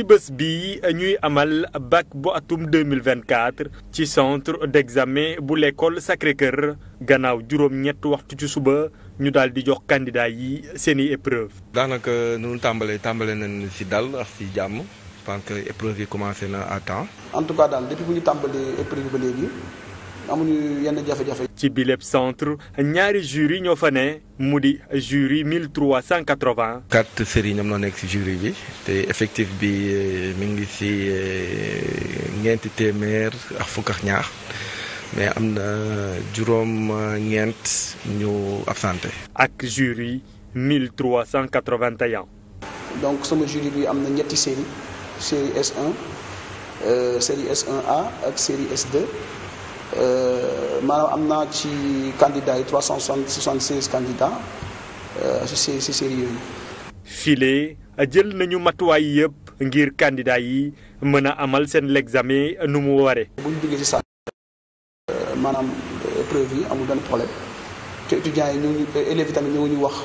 ci bés bi ñuy amal bac bu atum 2024 ci centre d'examen bu l'école Sacré-Cœur gannaaw juróom-ñett waxtu ci suba ñu daal di jox candidat yi seeni épreuve daanaka nu tàmbalee tàmbale nañ si dal ak si jàmm parce que épreuve yi commencé na à temps en tout cas daal depuis bu ñu tàmbalee épreuve ba léegi amuñu yenn jafe-jafe ci bileb centre ñaari jury ñoo fa ne mu di jury 1380. quatre séries ñoom noo nekk ci jury bi te effective bi euh, mi ngi ci euh, ñeenti téeméer ak fukk ak ñaax mais am na juróom ñeent ñu absenté. ak jury 1381. donc sama jury bi am na ñetti série série S1 euh, série S1A ak série s Euh, maanaam am naa ci candidats yi trois cent soixante seize candidats euh, si si si série yooyu. file jël nañu matuwaay yëpp ngir candidats yi mën a amal seen l'examen nu mu ware buñ ñu duggee si saa euh, maanaam preuve yi amul benn problème te étudiants yi ñoo ñu élèves yi tamit ñoo ñu wax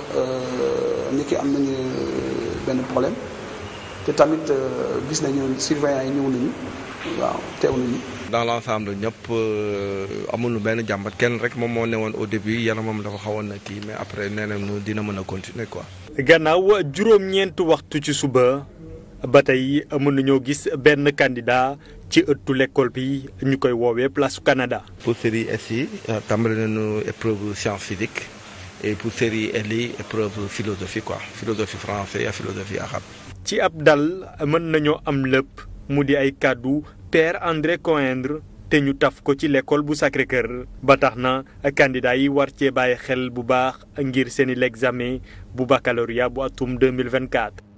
ni ki am nañu benn problème te tamit gis nañu surveillants yi ñëw nañu. waaw teewlu ji. dans l' ensemble ñëpp euh, amul benn jàmbat kenn rek moom moo newoon au début yaramam dafa xawoon na kii mais après nee nañu dina mën a continuer quoi. gannaaw juróom-ñeent waxtu ci suba ba tey mën nañoo gis benn candidat ci ëttu lekkool bi ñu koy woowee place Canada. pour série S yi euh, tàmbali nañu épreuve science physique et pour série L yi épreuve philosophie quoi philosophie français ak philosophie arabe. ci ab dal mën nañoo am lépp. mu di ay kàddu père André Coindre te ñu taf ko ci lekkool bu Sacré-Cœur ba tax na candidat yi war cee bàyyi xel bu baax ngir seeni l'examen bu baccalauréat bu atum 2024